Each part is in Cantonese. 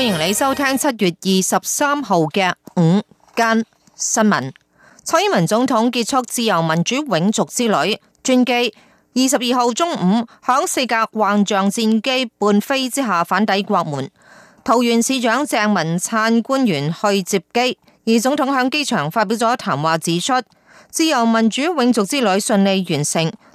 歡迎你收聽七月二十三號嘅午間新聞。蔡英文總統結束自由民主永續之旅，專機二十二號中午響四架幻象戰機伴飛之下返抵國門。桃園市長鄭文燦官員去接機，而總統響機場發表咗談話，指出自由民主永續之旅順利完成。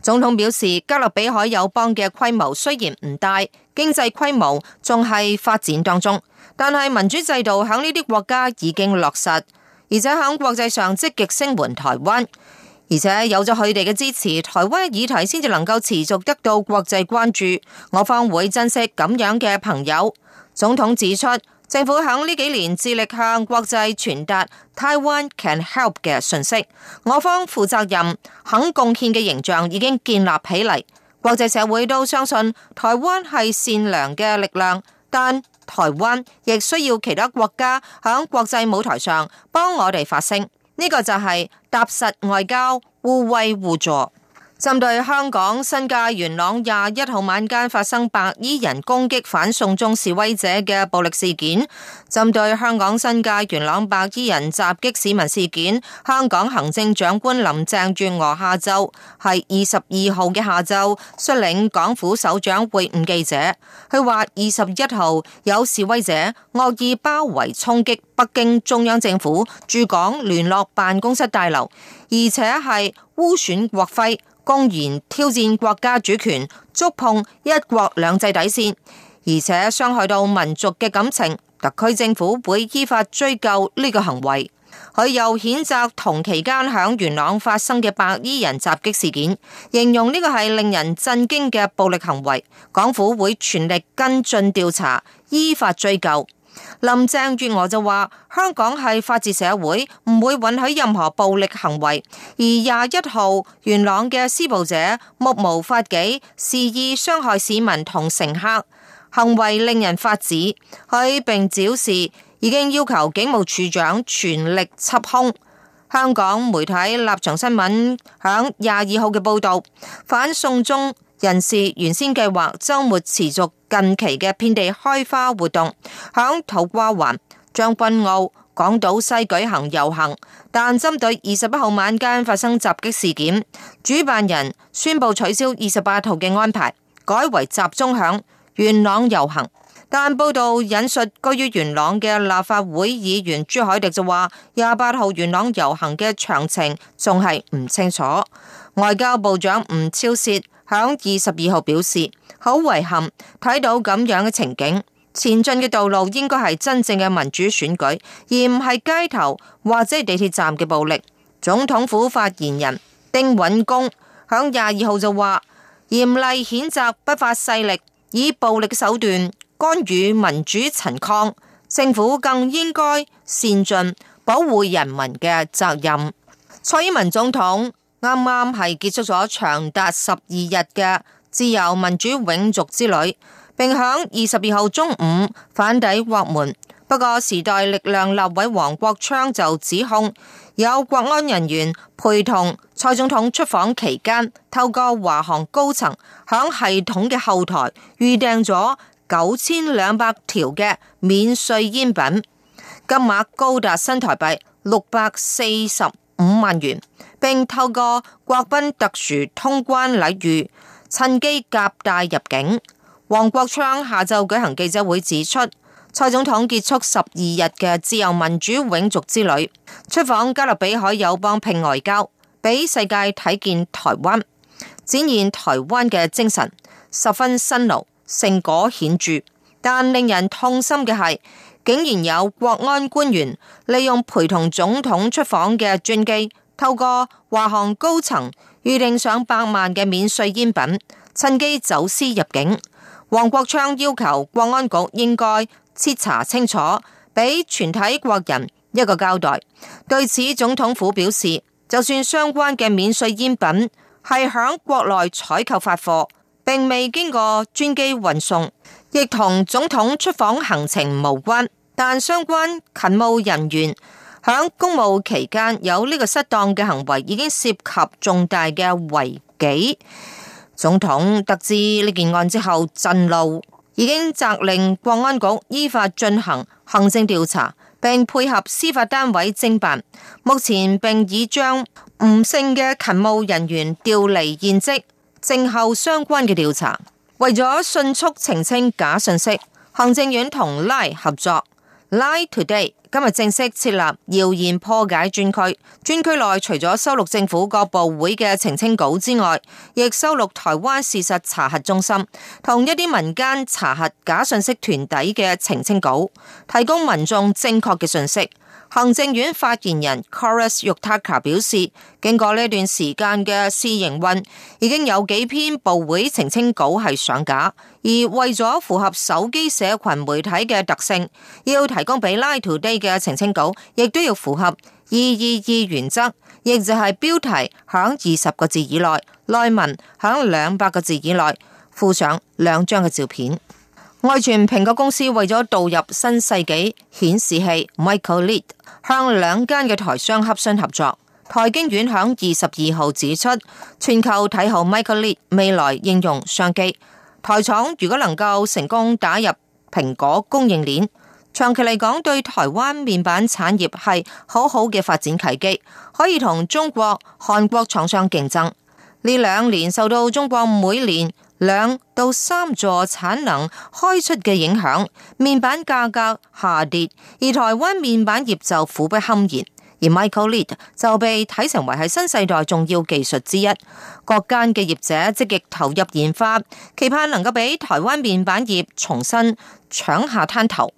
總統表示，加勒比海友邦嘅規模雖然唔大，經濟規模仲係發展當中，但係民主制度響呢啲國家已經落實，而且響國際上積極聲援台灣，而且有咗佢哋嘅支持，台灣議題先至能夠持續得到國際關注，我方會珍惜咁樣嘅朋友。總統指出。政府喺呢幾年致力向國際傳達 Taiwan can help 嘅信息，我方負責任、肯貢獻嘅形象已經建立起嚟，國際社會都相信台灣係善良嘅力量。但台灣亦需要其他國家喺國際舞台上幫我哋發聲，呢、這個就係踏實外交、互惠互助。針對香港新界元朗廿一號晚間發生白衣人攻擊反送中示威者嘅暴力事件，針對香港新界元朗白衣人襲擊市民事件，香港行政長官林鄭月娥下晝係二十二號嘅下晝，率領港府首長會晤記者。佢話：二十一號有示威者惡意包圍衝擊北京中央政府駐港聯絡辦公室大樓，而且係污損國徽。公然挑戰國家主權，觸碰一國兩制底線，而且傷害到民族嘅感情，特區政府會依法追究呢個行為。佢又譴責同期間響元朗發生嘅白衣人襲擊事件，形容呢個係令人震驚嘅暴力行為，港府會全力跟進調查，依法追究。林鄭月娥就話：香港係法治社會，唔會允許任何暴力行為。而廿一號元朗嘅施暴者目無法紀，肆意傷害市民同乘客，行為令人髮指。佢並表示已經要求警務處長全力緝兇。香港媒體立場新聞響廿二號嘅報導，反送中，人士原先計劃周末持續近期嘅遍地開花活動，響土瓜灣、將軍澳、港島西舉行遊行，但針對二十一號晚間發生襲擊事件，主辦人宣布取消二十八號嘅安排，改為集中響元朗遊行。但報道引述居於元朗嘅立法會議員朱凱迪就話，廿八號元朗遊行嘅詳情仲係唔清楚。外交部長吳釗燮。喺二十二號表示，好遺憾睇到咁樣嘅情景，前進嘅道路應該係真正嘅民主選舉，而唔係街頭或者地鐵站嘅暴力。總統府發言人丁允恭喺廿二號就話，嚴厲譴責不法勢力以暴力手段干預民主陳抗。政府更應該善盡保護人民嘅責任。蔡英文總統。啱啱係結束咗長達十二日嘅自由民主永續之旅，並響二十二號中午返抵國門。不過，時代力量立委黃國昌就指控有國安人員陪同蔡總統出訪期間，透過華航高層響系統嘅後台預訂咗九千兩百條嘅免稅煙品，金額高達新台幣六百四十五萬元。並透過國賓特殊通關禮遇，趁機夾帶入境。黃國昌下晝舉行記者會指出，蔡總統結束十二日嘅自由民主永續之旅，出訪加勒比海友邦，拼外交，俾世界睇見台灣展現台灣嘅精神，十分辛勞，成果顯著。但令人痛心嘅係，竟然有國安官員利用陪同總統出訪嘅專機。透過華航高層預訂上百萬嘅免稅煙品，趁機走私入境。黃國昌要求國安局應該徹查清楚，俾全體國人一個交代。對此，總統府表示，就算相關嘅免稅煙品係響國內採購發貨，並未經過專機運送，亦同總統出訪行程無關。但相關勤務人員，喺公務期間有呢個失當嘅行為，已經涉及重大嘅違紀。總統得知呢件案之後震怒，已經責令國安局依法進行行政調查，並配合司法單位偵辦。目前並已將吳姓嘅勤務人員調離現職，靜候相關嘅調查。為咗迅速澄清假信息，行政院同 Line 合作 Line Today。今日正式設立謠言破解專區，專區內除咗收錄政府各部會嘅澄清稿之外，亦收錄台灣事實查核中心同一啲民間查核假信息團體嘅澄清稿，提供民眾正確嘅信息。行政院發言人 Kolas Yotaka 表示，經過呢段時間嘅試營運，已經有幾篇部會澄清稿係上架，而為咗符合手機社群媒體嘅特性，要提供俾 Line Today。嘅澄清稿亦都要符合二二二原則，亦就係標題響二十個字以內，內文響兩百個字以內，附上兩張嘅照片。外傳蘋果公司為咗導入新世紀顯示器 MicroLED 向兩間嘅台商洽商合作。台經院響二十二號指出，全球睇好 MicroLED 未來應用商機，台廠如果能夠成功打入蘋果供應鏈。長期嚟講，對台灣面板產業係好好嘅發展契機，可以同中國、韓國廠商競爭。呢兩年受到中國每年兩到三座產能開出嘅影響，面板價格下跌，而台灣面板業就苦不堪言。而 Micro LED 就被睇成為係新世代重要技術之一，各間嘅業者積極投入研發，期盼能夠俾台灣面板業重新搶下灘頭。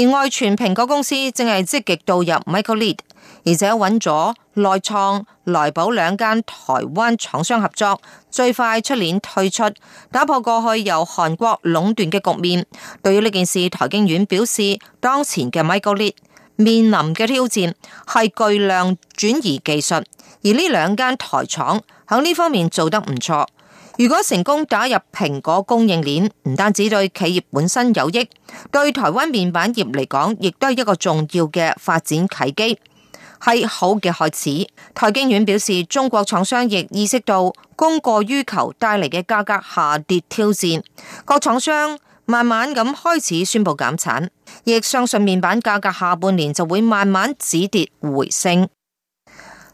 而外傳蘋果公司正係積極導入 Micro LED，而且揾咗內創、來寶兩間台灣廠商合作，最快出年退出，打破過去由韓國壟斷嘅局面。對於呢件事，台經院表示，當前嘅 Micro LED 面臨嘅挑戰係巨量轉移技術，而呢兩間台廠響呢方面做得唔錯。如果成功打入蘋果供應鏈，唔單止對企業本身有益，對台灣面板業嚟講亦都係一個重要嘅發展契機。係好嘅開始。台經院表示，中國廠商亦意識到供過於求帶嚟嘅價格下跌挑戰，各廠商慢慢咁開始宣布減產，亦相信面板價格下半年就會慢慢止跌回升。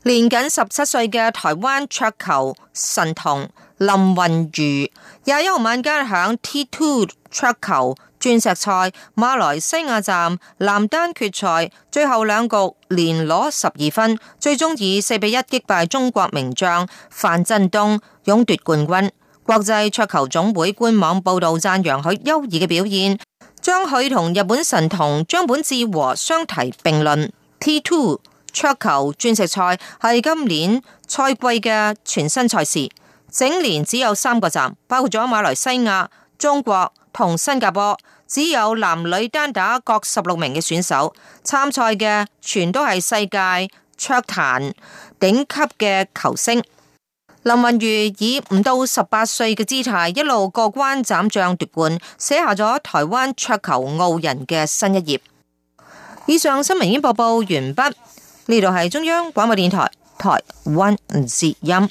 年僅十七歲嘅台灣桌球神童。林雲如廿一號晚間響 T Two 桌球鑽石賽馬來西亞站男單決賽，最後兩局連攞十二分，最終以四比一擊敗中國名將范振東，勇奪冠軍。國際桌球總會官網報道讚揚佢優異嘅表現，將佢同日本神童張本智和相提並論。T Two 桌球鑽石賽係今年賽季嘅全新賽事。整年只有三個站，包括咗馬來西亞、中國同新加坡，只有男女單打各十六名嘅選手參賽嘅，全都係世界桌壇頂級嘅球星。林昀儒以五到十八歲嘅姿態一路過關斬將奪冠，寫下咗台灣桌球傲人嘅新一頁。以上新聞已經播報完畢，呢度係中央廣播電台台灣之音。